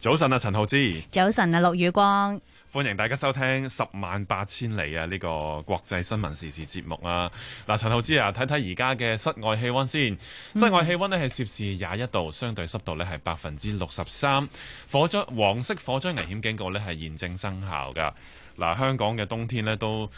早晨啊，陳浩之。早晨啊，陸宇光。歡迎大家收聽《十萬八千里啊、這個啊》啊，呢個國際新聞時事節目啊。嗱，陳浩之啊，睇睇而家嘅室外氣溫先。嗯、室外氣溫呢係攝氏廿一度，相對濕度呢係百分之六十三。火災黃色火災危險警告呢係現正生效噶。嗱、啊，香港嘅冬天呢都。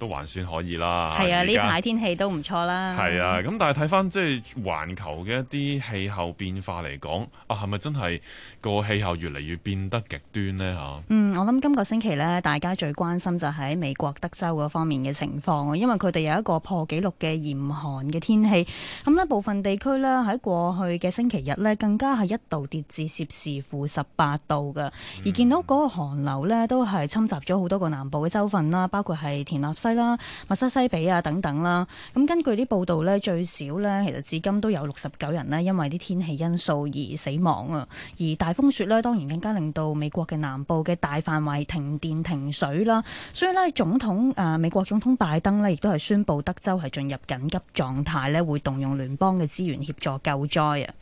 都還算可以啦。係啊，呢排在天氣都唔錯啦。係啊，咁、嗯、但係睇翻即係環球嘅一啲氣候變化嚟講，啊係咪真係個氣候越嚟越變得極端呢？嚇。嗯，我諗今個星期呢，大家最關心就喺美國德州嗰方面嘅情況，因為佢哋有一個破紀錄嘅嚴寒嘅天氣。咁呢部分地區呢，喺過去嘅星期日呢，更加係一度跌至攝氏負十八度嘅。嗯、而見到嗰個寒流呢，都係侵襲咗好多個南部嘅州份啦，包括係田納西。啦，密西西比啊等等啦，咁根據啲報道呢，最少呢，其實至今都有六十九人呢，因為啲天氣因素而死亡啊。而大風雪呢，當然更加令到美國嘅南部嘅大範圍停電停水啦。所以呢，總統誒、呃，美國總統拜登呢，亦都係宣布德州係進入緊急狀態呢，會動用聯邦嘅資源協助救災啊。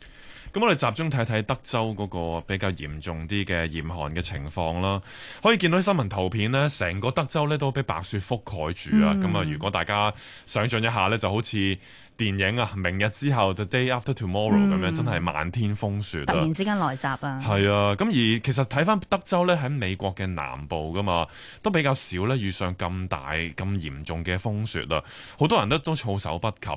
咁我哋集中睇睇德州嗰個比較嚴重啲嘅嚴寒嘅情況啦。可以見到啲新聞圖片呢，成個德州呢都俾白雪覆蓋住啊。咁啊、嗯，如果大家想像一下呢，就好似～電影啊，明日之後 The Day After Tomorrow 咁樣、嗯，真係漫天風雪、啊，突然之間來襲啊！係啊，咁而其實睇翻德州呢，喺美國嘅南部噶嘛，都比較少呢遇上咁大、咁嚴重嘅風雪啦、啊。好多人都都措手不及。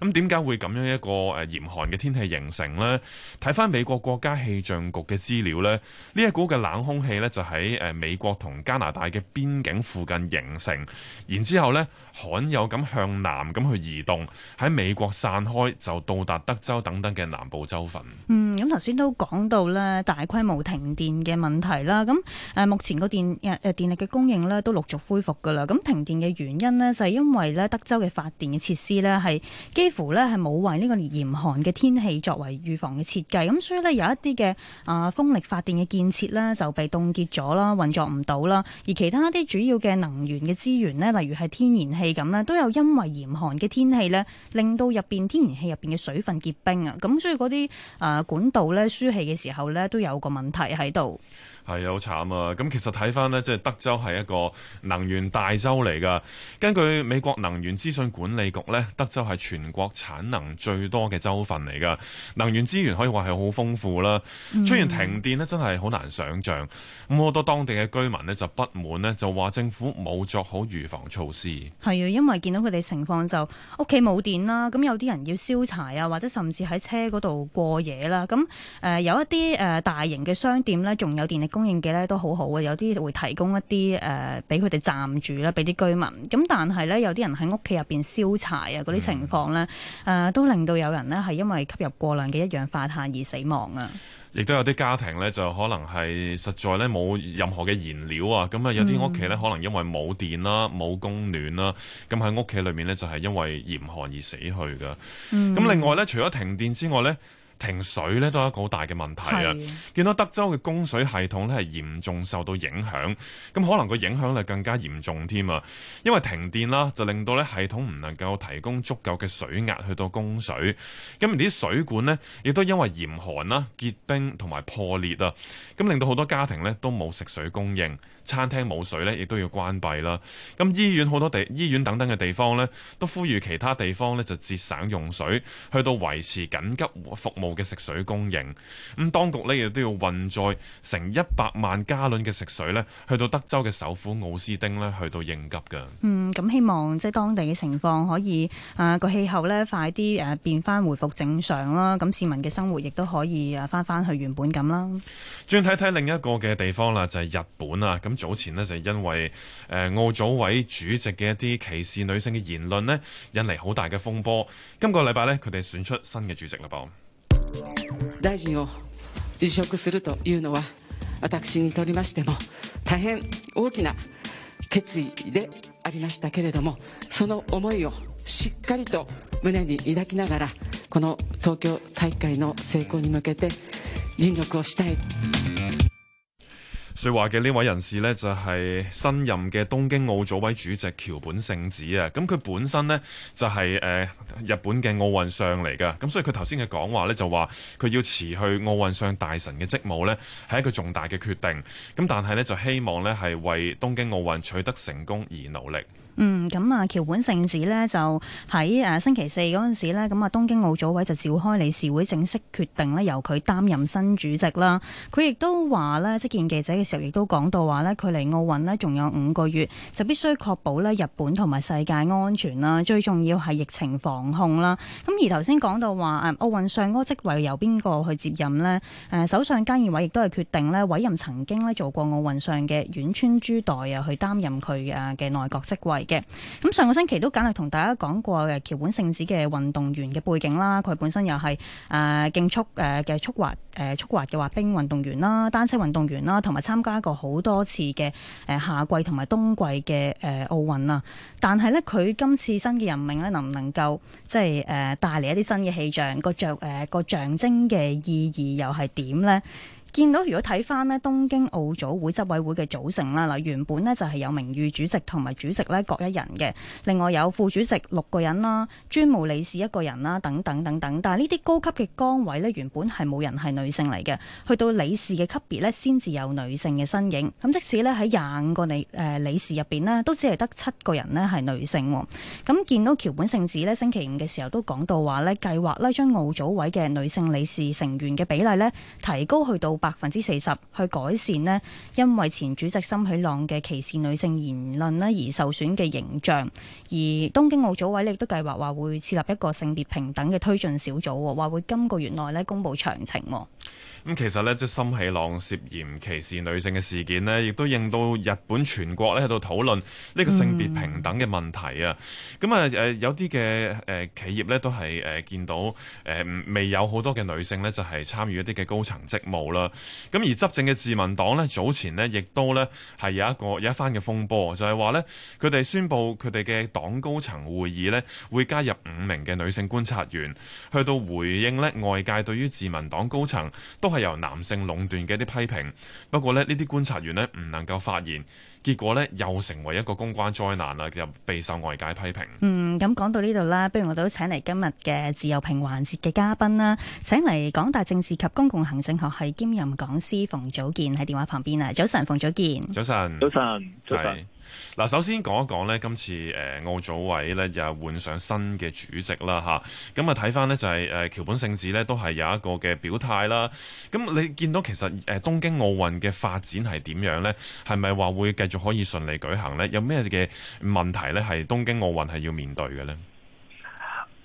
咁點解會咁樣一個誒、呃、嚴寒嘅天氣形成呢？睇翻美國國家氣象局嘅資料呢，呢一股嘅冷空氣呢，就喺、呃、美國同加拿大嘅邊境附近形成，然之後呢，罕有咁向南咁去移動喺。美國散開就到達德州等等嘅南部州份。嗯，咁頭先都講到咧大規模停電嘅問題啦。咁誒，目前個電誒電力嘅供應咧都陸續恢復㗎啦。咁停電嘅原因呢，就係因為咧德州嘅發電嘅設施呢，係幾乎咧係冇為呢個嚴寒嘅天氣作為預防嘅設計。咁所以呢，有一啲嘅啊風力發電嘅建設呢，就被凍結咗啦，運作唔到啦。而其他一啲主要嘅能源嘅資源呢，例如係天然氣咁呢，都有因為嚴寒嘅天氣呢令到入邊天然氣入邊嘅水分結冰啊，咁所以嗰啲誒管道咧輸氣嘅時候咧都有個問題喺度。係啊，好慘啊！咁其實睇翻呢，即係德州係一個能源大州嚟噶。根據美國能源資訊管理局呢，德州係全國產能最多嘅州份嚟噶。能源資源可以話係好豐富啦。嗯、出現停電呢真係好難想象。咁好多當地嘅居民呢就不滿呢，就話政府冇作好預防措施。係啊，因為見到佢哋情況就屋企冇電啦。咁有啲人要燒柴啊，或者甚至喺車嗰度過夜啦。咁誒、呃，有一啲誒大型嘅商店呢，仲有電力。供應嘅咧都好好啊，有啲會提供一啲誒，俾佢哋暫住啦，俾啲居民。咁但係咧，有啲人喺屋企入面燒柴啊，嗰啲情況咧，誒、嗯呃、都令到有人呢係因為吸入過量嘅一氧化碳而死亡啊！亦都有啲家庭咧就可能係實在咧冇任何嘅燃料啊，咁啊有啲屋企咧可能因為冇電啦、冇供暖啦，咁喺屋企裏面呢，就係因為嚴寒而死去噶。咁另外咧，除咗停電之外咧，停水咧都係一個好大嘅問題啊！見到德州嘅供水系統咧係嚴重受到影響，咁可能個影響力更加嚴重添啊！因為停電啦，就令到咧系統唔能夠提供足夠嘅水壓去到供水，咁而啲水管呢，亦都因為嚴寒啦結冰同埋破裂啊，咁令到好多家庭咧都冇食水供應。餐廳冇水呢，亦都要關閉啦。咁醫院好多地、醫院等等嘅地方呢，都呼籲其他地方呢，就節省用水，去到維持緊急服務嘅食水供應。咁當局呢，亦都要運載成一百萬加侖嘅食水呢，去到德州嘅首府奧斯丁呢，去到應急㗎。嗯，咁希望即係當地嘅情況可以啊個氣候呢，快啲誒變返回復正常啦。咁市民嘅生活亦都可以啊返返去原本咁啦。轉睇睇另一個嘅地方啦，就係日本啊。咁早前呢，就係因為奧組委主席嘅一啲歧視女性嘅言論呢，引嚟好大嘅風波。今個禮拜呢，佢哋選出新嘅主席嘅噃。大臣を辭職するというのは、私にとりましても、大変大きな決意でありましたけれども、その思いをしっかりと胸に抱きながら、この東京大會の成功に向けて、盡力をしたい。說話嘅呢位人士呢，就係、是、新任嘅東京奧組委主席橋本聖子啊。咁佢本身呢，就係、是、誒、呃、日本嘅奧運上嚟嘅，咁所以佢頭先嘅講話呢，就話佢要辭去奧運上大臣嘅職務呢係一個重大嘅決定。咁但係呢，就希望呢係為東京奧運取得成功而努力。嗯，咁啊，橋本聖子咧就喺誒星期四嗰陣時咧，咁啊東京奧組委就召開理事會正式決定咧，由佢擔任新主席啦。佢亦都話咧，即見記者嘅時候亦都講到話咧，距離奧運咧仲有五個月，就必須確保咧日本同埋世界安全啦。最重要係疫情防控啦。咁而頭先講到話誒奧運上嗰職位由邊個去接任咧？誒首相菅義偉亦都係決定咧委任曾經咧做過奧運上嘅丸川珠代啊去擔任佢誒嘅內閣職位。嘅咁上個星期都簡略同大家講過嘅橋本聖子嘅運動員嘅背景啦，佢本身又係誒競速誒嘅、呃、速滑誒、呃、速滑嘅滑冰運動員啦，單車運動員啦，同埋參加過好多次嘅誒、呃、夏季同埋冬季嘅誒奧運啊。但係呢，佢今次新嘅任命呢，能唔能夠即係誒帶嚟一啲新嘅氣象？個、呃、象誒個象徵嘅意義又係點呢？見到如果睇翻呢，東京奧組會執委會嘅組成啦，嗱原本呢就係有名譽主席同埋主席呢各一人嘅，另外有副主席六個人啦，專務理事一個人啦，等等等等。但係呢啲高級嘅崗位呢，原本係冇人係女性嚟嘅，去到理事嘅級別呢先至有女性嘅身影。咁即使呢喺廿五個理、呃、理事入面，咧，都只係得七個人呢係女性。咁見到橋本聖子呢星期五嘅時候都講到話呢，計劃咧將奧組委嘅女性理事成員嘅比例呢提高去到百分之四十去改善呢，因為前主席森喜朗嘅歧視女性言論呢而受損嘅形象。而東京奧組委亦都計劃話會設立一個性別平等嘅推進小組，話會今個月內呢公布詳情。咁其實呢，即係森喜朗涉嫌歧視女性嘅事件呢，亦都令到日本全國咧喺度討論呢個性別平等嘅問題啊！咁啊、嗯，誒、呃，有啲嘅誒企業呢，都係誒見到誒未有好多嘅女性呢，就係、是、參與一啲嘅高層職務啦。咁而執政嘅自民黨呢，早前呢，亦都呢，係有一個有一番嘅風波，就係、是、話呢，佢哋宣布佢哋嘅黨高層會議呢，會加入五名嘅女性觀察員，去到回應呢外界對於自民黨高層。都係由男性壟斷嘅一啲批評，不過咧呢啲觀察員唔能夠發言，結果呢又成為一個公關災難啊，又備受外界批評。嗯，咁講到呢度啦，不如我哋都請嚟今日嘅自由評環節嘅嘉賓啦，請嚟港大政治及公共行政學系兼任講師馮祖建喺電話旁邊啦。早晨，早晨，馮祖建。早晨。早晨。早晨。嗱，首先講一講呢，今次誒奧組委呢又換上新嘅主席啦吓，咁啊睇翻呢，就係、是、誒、呃、橋本聖子呢都係有一個嘅表態啦。咁你見到其實誒、呃、東京奧運嘅發展係點樣呢？係咪話會繼續可以順利舉行呢？有咩嘅問題呢？係東京奧運係要面對嘅呢？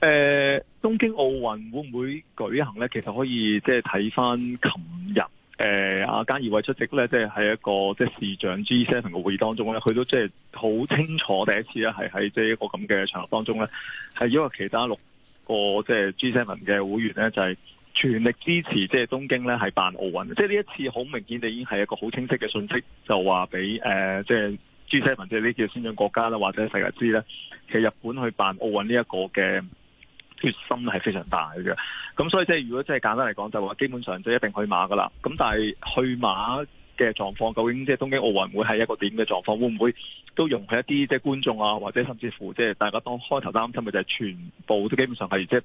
誒、呃，東京奧運會唔會舉行呢？其實可以即係睇翻琴。誒菅義偉出席咧，即係喺一個即係、就是、市長 G7 嘅會議當中咧，佢都即係好清楚。第一次咧，係喺即係一個咁嘅場合當中咧，係因為其他六個即係 G7 嘅會員咧，就係、是就是、全力支持即係、就是、東京咧係辦奧運。即係呢一次好明顯地已經係一個好清晰嘅訊息，就話俾誒即係 G7 即係呢啲叫先進國家啦，或者世界知咧，其實日本去辦奧運呢一個嘅決心係非常大嘅，咁所以即係如果即係簡單嚟講，就話基本上就一定去馬噶啦。咁但係去馬嘅狀況，究竟即係東京奧運會係一個點嘅狀況？會唔會都容許一啲即係觀眾啊，或者甚至乎即係大家當開頭擔心嘅就係全部都基本上係即係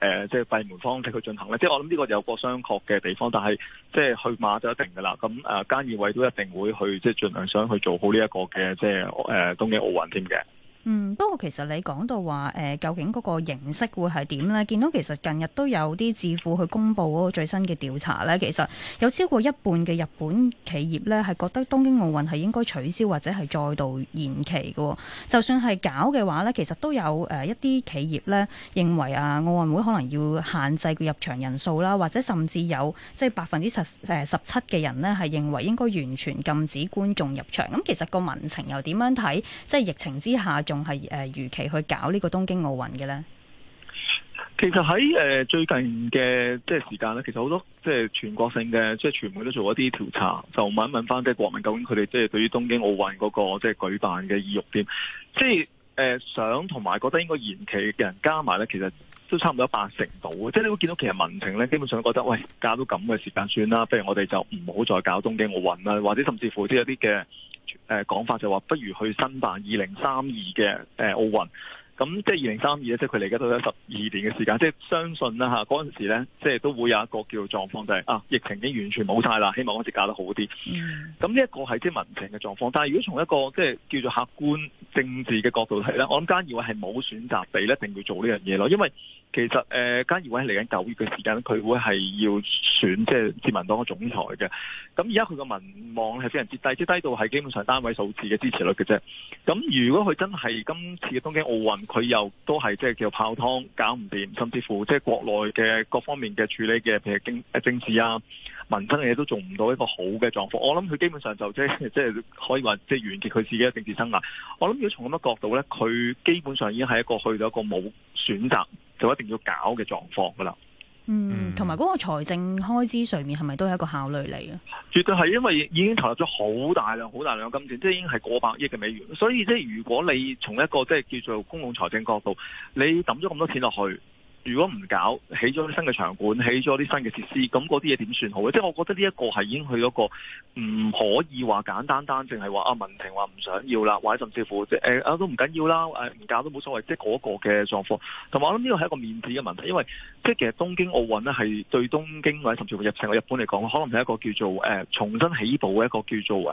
誒即係閉門方式去進行咧？即係我諗呢個有個商榷嘅地方，但係即係去馬就一定噶啦。咁誒、呃，菅義偉都一定會去即係盡量想去做好呢一個嘅即係誒東京奧運添嘅。嗯，不過其實你講到話誒、呃、究竟嗰個形式會係點咧？見到其實近日都有啲智庫去公布嗰個最新嘅調查咧，其實有超過一半嘅日本企業咧係覺得東京奧運係應該取消或者係再度延期嘅。就算係搞嘅話咧，其實都有誒一啲企業咧認為啊，奧運會可能要限制佢入場人數啦，或者甚至有即係百分之十誒十七嘅人咧係認為應該完全禁止觀眾入場，咁、嗯、其實個民情又點樣睇？即係疫情之下仲。係誒，如、呃、期去搞呢個東京奧運嘅咧？其實喺誒最近嘅即係時間咧，其實好多即係全國性嘅，即係傳媒都做咗一啲調查，就問一問翻即係國民究竟佢哋即係對於東京奧運嗰個即係舉辦嘅意欲點？即係誒、呃、想同埋覺得應該延期嘅人加埋咧，其實都差唔多八成度，即係你會見到其實民情咧，基本上都覺得喂，搞到咁嘅時間算啦，不如我哋就唔好再搞東京奧運啦，或者甚至乎啲一啲嘅。誒，講法就話不如去申辦二零三二嘅誒奧運，咁即係二零三二咧，即係佢哋而家都有十二年嘅時間，即係相信咧吓，嗰陣時咧，即係都會有一個叫做狀況、就是，就係啊，疫情已經完全冇晒啦，希望嗰次搞得好啲。咁呢一個係即係民情嘅狀況，但係如果從一個即係叫做客觀政治嘅角度睇咧，我諗菅義偉係冇選擇地咧，一定要做呢樣嘢咯，因為。其實誒，菅義偉係嚟緊九月嘅時間，佢會係要選即係、就是、自民黨嘅總裁嘅。咁而家佢個民望係非常之低，就是、低到係基本上單位數字嘅支持率嘅啫。咁如果佢真係今次嘅東京奧運，佢又都係即係叫做泡湯，搞唔掂，甚至乎即係、就是、國內嘅各方面嘅處理嘅，譬如經誒政治啊。民生嘅嘢都做唔到一個好嘅狀況，我諗佢基本上就即係即係可以話即係完結佢自己嘅政治生涯。我諗如果從咁嘅角度咧，佢基本上已經係一個去到一個冇選擇就一定要搞嘅狀況㗎喇。嗯，同埋嗰個財政開支上面係咪都係一個考慮嚟嘅？絕對係，因為已經投入咗好大量、好大量嘅金錢，即係已經係過百億嘅美元。所以即係如果你從一個即係叫做公共財政角度，你抌咗咁多錢落去。如果唔搞起咗啲新嘅場館，起咗啲新嘅設施，咁嗰啲嘢點算好咧？即係我覺得呢一個係已經去咗個唔可以話簡單單淨係話阿文婷話唔想要啦，或者甚至乎誒、呃、都唔緊要啦，誒、呃、唔搞都冇所謂，即係嗰個嘅狀況。同埋我諗呢個係一個面子嘅問題，因為即係其實東京奧運咧係對東京或者甚至乎程場日本嚟講，可能係一個叫做誒、呃、重新起步嘅一個叫做誒、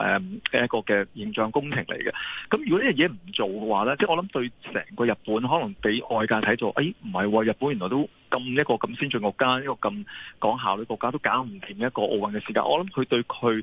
呃、一個嘅形象工程嚟嘅。咁如果呢樣嘢唔做嘅話咧，即係我諗對成個日本可能俾外界睇到誒唔係喎日本。原來都咁一個咁先進國家，一個咁講效率國家，都搞唔掂一個奧運嘅時間。我諗佢對佢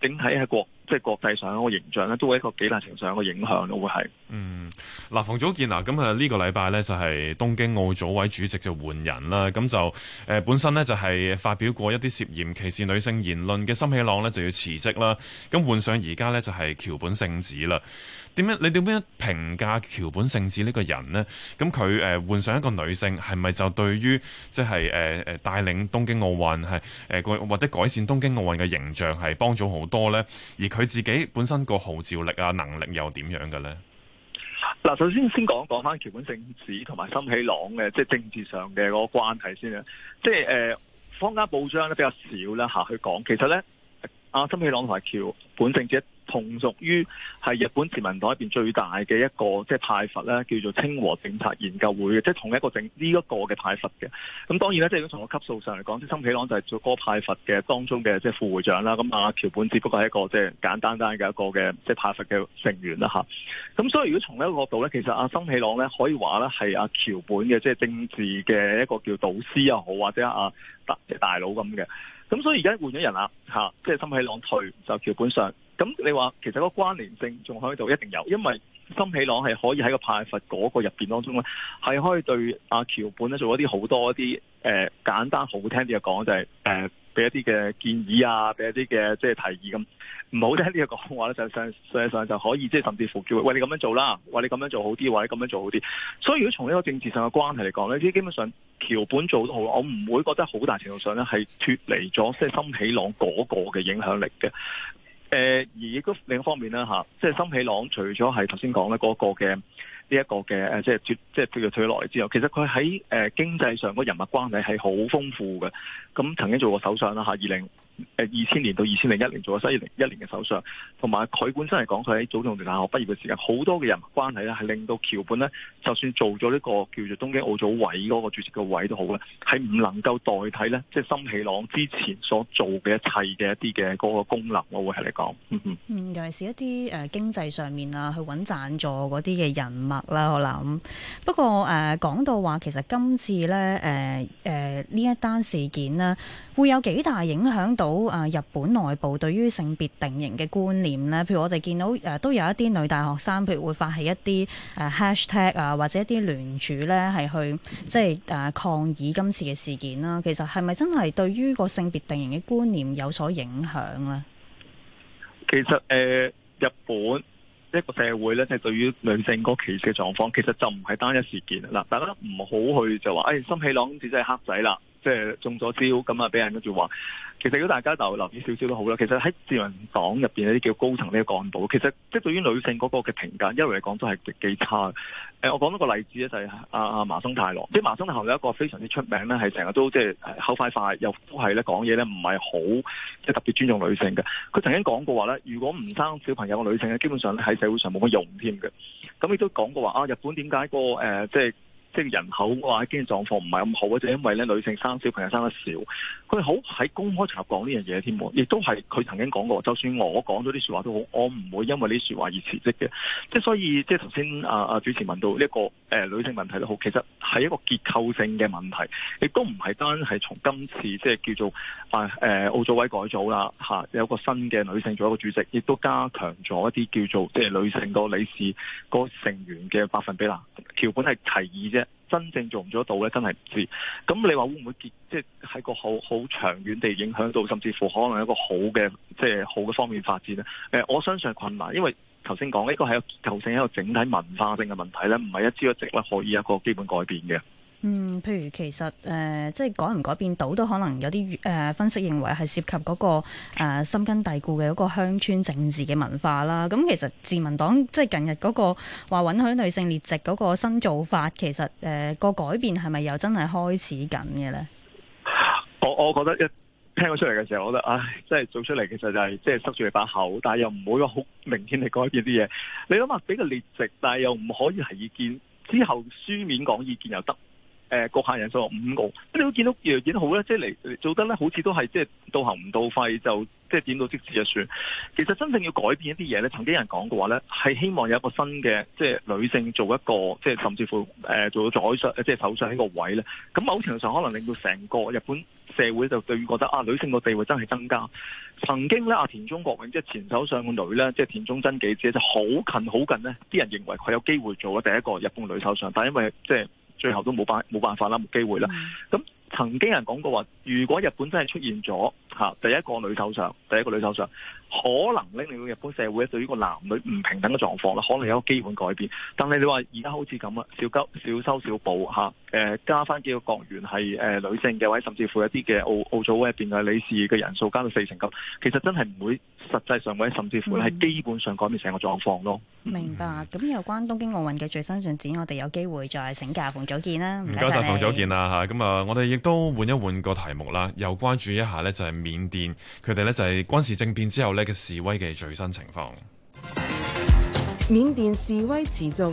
整體喺國，即係國際上的一個形象咧，都係一個幾大程度上嘅影響咯，我會係。嗯，嗱、呃，馮祖建嗱、啊，咁啊呢個禮拜呢就係、是、東京奧組委主席就換人啦。咁就誒、呃、本身呢就係、是、發表過一啲涉嫌歧視女性言論嘅森喜朗呢就要辭職啦。咁換上而家呢就係、是、橋本聖子啦。點樣？你點樣評價橋本聖子呢個人呢？咁佢誒換上一個女性，係咪就對於即係誒誒帶領東京奧運係誒或者改善東京奧運嘅形象係幫助好多呢？而佢自己本身個號召力啊能力又點樣嘅呢？嗱，首先先講講翻橋本聖子同埋森喜朗嘅即係政治上嘅嗰個關係先啊！即係誒坊間報章咧比較少啦吓去講，其實呢，阿森喜朗同埋橋本聖子。同屬於係日本自民黨入面最大嘅一個即係派閥咧，叫做清和政策研究會嘅，即係同一個政呢一個嘅派閥嘅。咁當然呢，即係如果從個級數上嚟講，森喜朗就係做嗰個派閥嘅當中嘅即係副會長啦。咁阿橋本只不過係一個即係簡單單嘅一個嘅即係派閥嘅成員啦嚇。咁所以如果從呢一個角度咧，其實阿森喜朗咧可以話咧係阿橋本嘅即係政治嘅一個叫導師又好，或者阿大大佬咁嘅。咁所以而家換咗人啦嚇，即係森喜朗退就橋本上。咁你話其實個關聯性仲喺度，一定有，因為森喜朗係可以喺個派閥嗰個入邊當中咧，係可以對阿、啊、橋本咧做一啲好多啲、呃、簡單好聽啲嘅講，就係畀俾一啲嘅建議啊，俾一啲嘅即係提議咁，唔好聽啲嘅講話咧，就實實際上就可以即係、就是、甚至乎叫佢喂你咁樣做啦，喂你咁樣做好啲，或者你咁樣做好啲。所以如果從呢個政治上嘅關係嚟講咧，即基本上橋本做都好，我唔會覺得好大程度上咧係脱離咗即係森喜朗嗰個嘅影響力嘅。誒、呃、而亦都另一方面啦吓，即係森喜朗除了是剛才，除咗係頭先講咧嗰個嘅呢一個嘅誒，即、啊、係，脫即係退落嚟之後，其實佢喺誒經濟上個人物關係係好豐富嘅，咁曾經做過首相啦吓、啊，二零。誒，二千年到二千零一年做咗，三二零一年嘅首相，同埋佢本身嚟講，佢喺早稻田大學畢業嘅時間，好多嘅人物關係咧，係令到橋本呢，就算做咗呢個叫做東京奧組委嗰個主席嘅位都好啦，係唔能夠代替呢，即係森喜朗之前所做嘅一切嘅一啲嘅嗰個功能，我會係嚟講。嗯嗯，尤其是一啲誒、呃、經濟上面啊，去搵讚助嗰啲嘅人物啦，啦，我諗。不過誒，講、呃、到話其實今次咧，誒誒呢一單事件呢，會有幾大影響到。到啊！日本內部對於性別定型嘅觀念呢，譬如我哋見到誒，都有一啲女大學生，譬如會發起一啲誒 hashtag 啊，或者一啲聯署呢，係去即係誒抗議今次嘅事件啦。其實係咪真係對於個性別定型嘅觀念有所影響呢？其實誒、呃，日本一個社會呢即係、就是、對於女性個歧視嘅狀況，其實就唔係單一事件啦。大家都唔好去就話，哎，森喜朗只真係黑仔啦。即係中咗招咁啊！俾人跟住話，其實如果大家就留意少少都好啦。其實喺自民黨入邊有啲叫高層呢個幹部，其實即係對於女性嗰個嘅評價一路嚟講都係幾差嘅、呃。我講到個例子咧、啊，就係阿阿麻生太郎。即係麻生太郎有一個非常之出名咧，係成日都即係口快快，又都係咧講嘢咧唔係好即係特別尊重女性嘅。佢曾經講過話咧，如果唔生小朋友嘅女性咧，基本上喺社會上冇乜用添嘅。咁亦都講過話啊，日本點解個誒即係？呃，即係即係人口話、啊、經濟狀況唔係咁好，或者因為咧女性生小朋友生得少，佢好喺公開場合講呢樣嘢添亦都係佢曾經講過，就算我講咗啲說話都好，我唔會因為呢啲說話而辭職嘅。即係所以，即係頭先啊啊，主持問到呢、這個誒、呃、女性問題都好其實係一個結構性嘅問題，亦都唔係單係從今次即係叫做誒、啊呃、奧組委改組啦吓、啊、有個新嘅女性做一個主席，亦都加強咗一啲叫做即係女性個理事個成員嘅百分比啦。橋本係提議啫。真正做唔做得到咧，真係唔知。咁你話會唔會結，即係喺個好好長遠地影響到，甚至乎可能一個好嘅，即係好嘅方面發展咧？誒，我相信困難，因為頭先講呢個係一個結構性，一個整體文化性嘅問題咧，唔係一朝一夕咧可以一個基本改變嘅。嗯，譬如其實、呃、即係改唔改變到都可能有啲、呃、分析認為係涉及嗰、嗰個、呃、深根蒂固嘅嗰個鄉村政治嘅文化啦。咁、嗯、其實自民黨即係近日嗰、嗰個話允許女性列席嗰個新做法，其實誒個、呃、改變係咪又真係開始緊嘅咧？我我覺得一聽佢出嚟嘅時候，我覺得唉，即係做出嚟其實就係即係塞住你把口，但又唔會好明顯係改變啲嘢。你諗下，俾個列席，但又唔可以提意見，之後書面講意見又得。誒，閣下、呃、人數五個，你都見到樣點好咧？即係嚟做得咧，好似都係即係到喉唔到肺，就即係、就是、點到即止就算。其實真正要改變一啲嘢咧，曾經有人講過話咧，係希望有一個新嘅，即、就、係、是、女性做一個，即、就、係、是、甚至乎、呃、做到宰相，即係首相呢個位咧。咁某程度上可能令到成個日本社會就對覺得啊，女性個地位真係增加。曾經咧，阿田中角榮，即、就、係、是、前首相個女咧，即、就、係、是、田中真紀子，就好、是、近好近呢啲人認為佢有機會做第一個日本女首相，但因為即係、就是最後都冇辦冇辦法啦，冇機會啦。咁曾經人講過話，如果日本真係出現咗嚇第一個女首相，第一個女首相，可能咧，令到日本社會對於個男女唔平等嘅狀況咧，可能有個基本改變。但係你話而家好似咁啊，少交少收少補嚇。誒加翻幾個國員係誒，呃呃、女性嘅，或者甚至乎一啲嘅奧奧組委入邊嘅理事嘅人數加到四成咁，其實真係唔會實際上或者甚至乎係基本上改變成個狀況咯。嗯嗯，明白。咁有關東京奧運嘅最新進展，我哋有機會再請教馮祖建啦。唔該晒，馮祖建啊。咁啊，我哋亦都換一換個題目啦，又關注一下呢就係緬甸佢哋呢就係軍事政變之後呢嘅示威嘅最新情況。緬甸示威持續。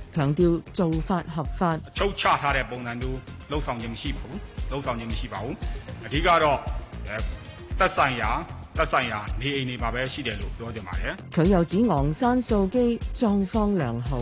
強調做法合法。差你佢又指昂山素姬狀況良好。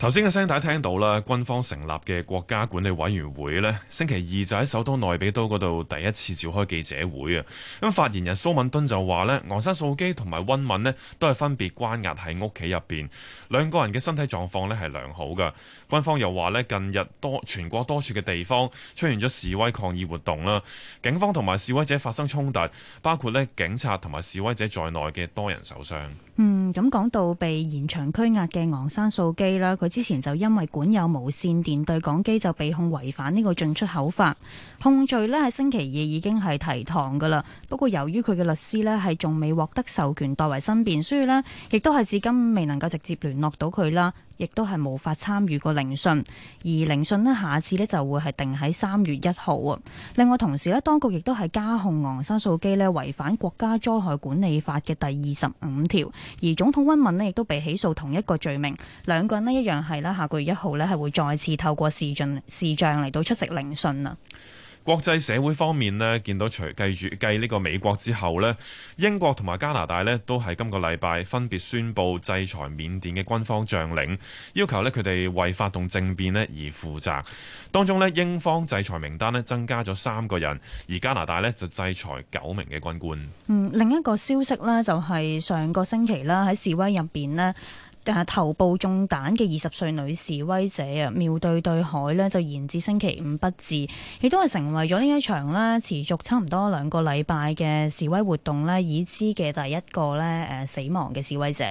頭先嘅聲帶聽到啦，軍方成立嘅國家管理委員會呢，星期二就喺首都內比都嗰度第一次召開記者會啊。咁發言人蘇敏敦就話呢，昂山素姬同埋溫敏呢都係分別關押喺屋企入邊，兩個人嘅身體狀況呢係良好㗎。軍方又話呢，近日多全國多處嘅地方出現咗示威抗議活動啦，警方同埋示威者發生衝突，包括呢警察同埋示威者在內嘅多人受傷。嗯，咁講到被延長拘押嘅昂山素基啦，佢之前就因為管有無線電對講機就被控違反呢個進出口法，控罪呢喺星期二已經係提堂㗎喇。不過由於佢嘅律師呢係仲未獲得授權代為申辯，所以呢亦都係至今未能夠直接聯絡到佢啦。亦都係無法參與過聆訊，而聆訊咧下次咧就會係定喺三月一號。另外同時咧，當局亦都係加控昂山素姬咧違反國家災害管理法嘅第二十五條，而總統溫敏咧亦都被起訴同一個罪名，兩個人咧一樣係啦，下個月一號咧係會再次透過視像視像嚟到出席聆訊啊。國際社會方面呢，見到隨繼住繼呢個美國之後呢，英國同埋加拿大呢都喺今個禮拜分別宣布制裁緬甸嘅軍方將領，要求呢佢哋為發動政變呢而負責。當中呢，英方制裁名單呢增加咗三個人，而加拿大呢就制裁九名嘅軍官。嗯，另一個消息呢，就係上個星期啦，喺示威入邊呢。頭部中彈嘅二十歲女示威者啊，妙對對海，就延至星期五不治，亦都係成為咗呢一場持續差唔多兩個禮拜嘅示威活動咧已知嘅第一個誒死亡嘅示威者。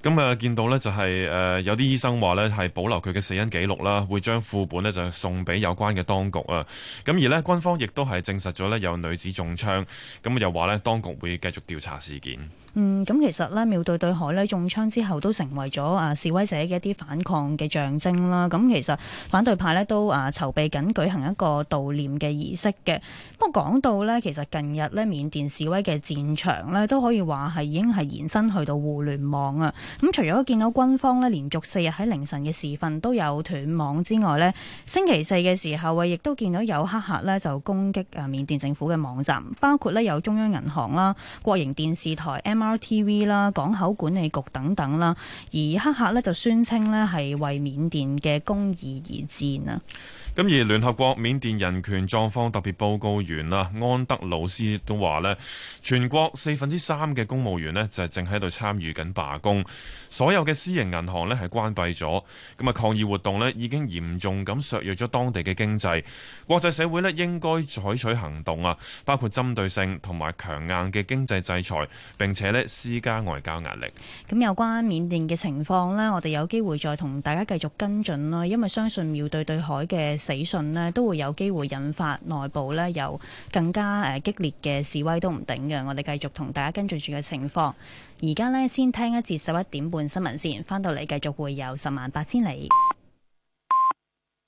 咁啊，見到呢，就係誒，有啲醫生話呢，係保留佢嘅死因記錄啦，會將副本呢就送俾有關嘅當局啊。咁而呢，軍方亦都係證實咗呢有女子中槍，咁又話呢，當局會繼續調查事件。嗯，咁其實呢，妙對對海呢，中槍之後都成為咗啊示威者嘅一啲反抗嘅象徵啦。咁其實反對派呢，都啊籌備緊舉行一個悼念嘅儀式嘅。不過講到呢，其實近日呢，緬甸示威嘅戰場呢，都可以話係已經係延伸去到互聯網。啊，咁除咗見到軍方咧，連續四日喺凌晨嘅時分都有斷網之外咧，星期四嘅時候啊，亦都見到有黑客咧就攻擊誒緬甸政府嘅網站，包括咧有中央銀行啦、國營電視台 MRTV 啦、港口管理局等等啦，而黑客咧就宣稱咧係爲緬甸嘅公義而戰啊。咁而聯合國緬甸人權狀況特別報告員安德魯斯都話呢全國四分之三嘅公務員呢就係正喺度參與緊罷工，所有嘅私營銀行呢係關閉咗，咁啊抗議活動呢已經嚴重咁削弱咗當地嘅經濟，國際社會呢應該採取行動啊，包括針對性同埋強硬嘅經濟制裁，並且呢施加外交壓力。咁有關緬甸嘅情況呢，我哋有機會再同大家繼續跟進啦，因為相信要對對海嘅。死訊呢都會有機會引發內部呢有更加、呃、激烈嘅示威都唔定嘅。我哋繼續同大家跟住住嘅情況。而家呢，先聽一節十一點半新聞先，翻到嚟繼續會有十萬八千里。